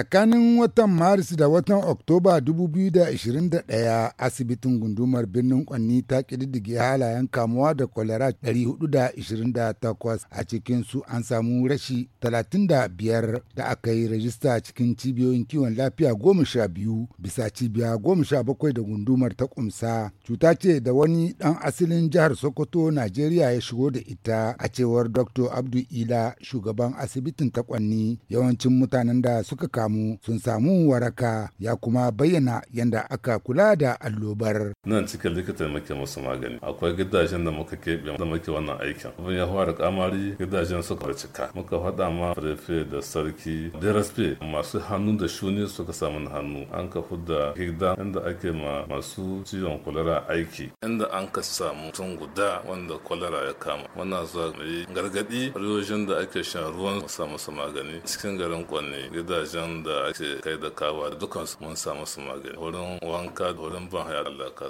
Tsakanin watan Maris da watan Oktoba 2021 asibitin gundumar birnin Kwanni ta kididdige halayen kamuwa da kwalera 428 a cikin su an samu rashi 35 da aka yi rajista cikin cibiyoyin kiwon lafiya 12 bisa cibiya 17 da gundumar ta kumsa. Cuta ce da wani ɗan asalin jihar Sokoto, Najeriya ya shigo da ita a cewar Dr. Abdu Ila shugaban asibitin ta Kwanni yawancin mutanen da suka kamu samu sun samu waraka ya kuma bayyana yadda aka kula da allobar. Nan cikin likita muke musu magani. Akwai gidajen da muka keɓe da muke wannan aikin. Abin ya fara kamari gidajen suka cika. Muka faɗa ma prefe da sarki DRSP masu hannu da shuni suka samu hannu. An ka fudda gida inda ake ma masu ciwon kwalara aiki. Inda an ka samu tun guda wanda kwalara ya kama. Muna zuwa mai gargaɗi. Riyojin da ake shan ruwan samu su magani. Cikin garin kwanne gidajen wanda ake kai da kawa su mun samu su magani wurin wanka wurin ban haya Allah ka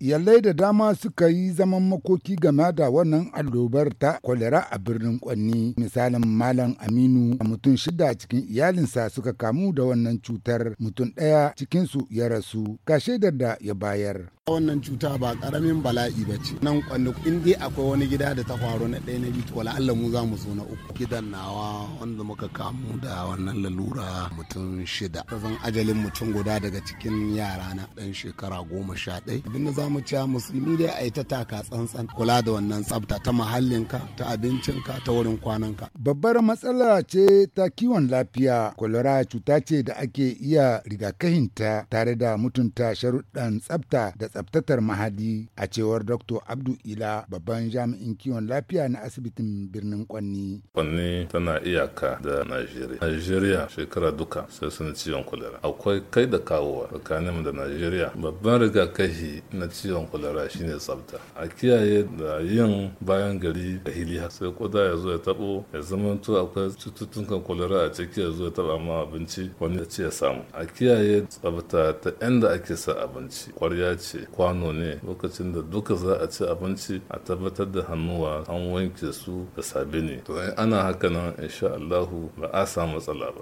Yallai da dama suka yi zaman makoki game da wannan allobar ta kwalera a birnin Kwanni misalin Malam Aminu a mutum shida cikin iyalinsa suka kamu da wannan cutar mutum ɗaya cikinsu ya rasu ga shaidar da ya bayar. wannan cuta ba karamin bala'i ba ce nan kwanne in dai akwai wani gida da ta faru na ɗaya na biyu to wala Allah mu za mu zo na uku gidan nawa wanda muka kamu da wannan lalura mutum shida zan ajalin mutum guda daga cikin yara na ɗan shekara goma sha ɗaya da za mu ci musulmi dai a yi ta taka tsantsan kula da wannan tsafta ta muhallinka ta abincinka ta wurin kwananka babbar matsala ce ta kiwon lafiya kwalara cuta ce da ake iya rigakahinta tare da mutunta sharuɗan tsafta da tsafta tsabtatar mahadi a cewar Dr. Abdu Ila babban jami'in kiwon lafiya na asibitin birnin Kwanni. Kwanni tana iyaka da nigeria Najeriya shekara duka sai sun ciwon kulera. Akwai kai da kawowa tsakanin da Najeriya. Babban rigakafi na ciwon kulera shine tsabta. A kiyaye da yin bayan gari da hili sai koda ya zo ya tabo ya zama to akwai cututtukan kulera a ciki ya zo ya taba ma abinci wani ya ce ya samu. A kiyaye tsabta ta inda ake sa abinci kwarya ce kwano ne lokacin da duka za a ci abinci a tabbatar da hannuwa an wanke su da sabini to ana haka nan insha Allahu ba a samu matsala ba.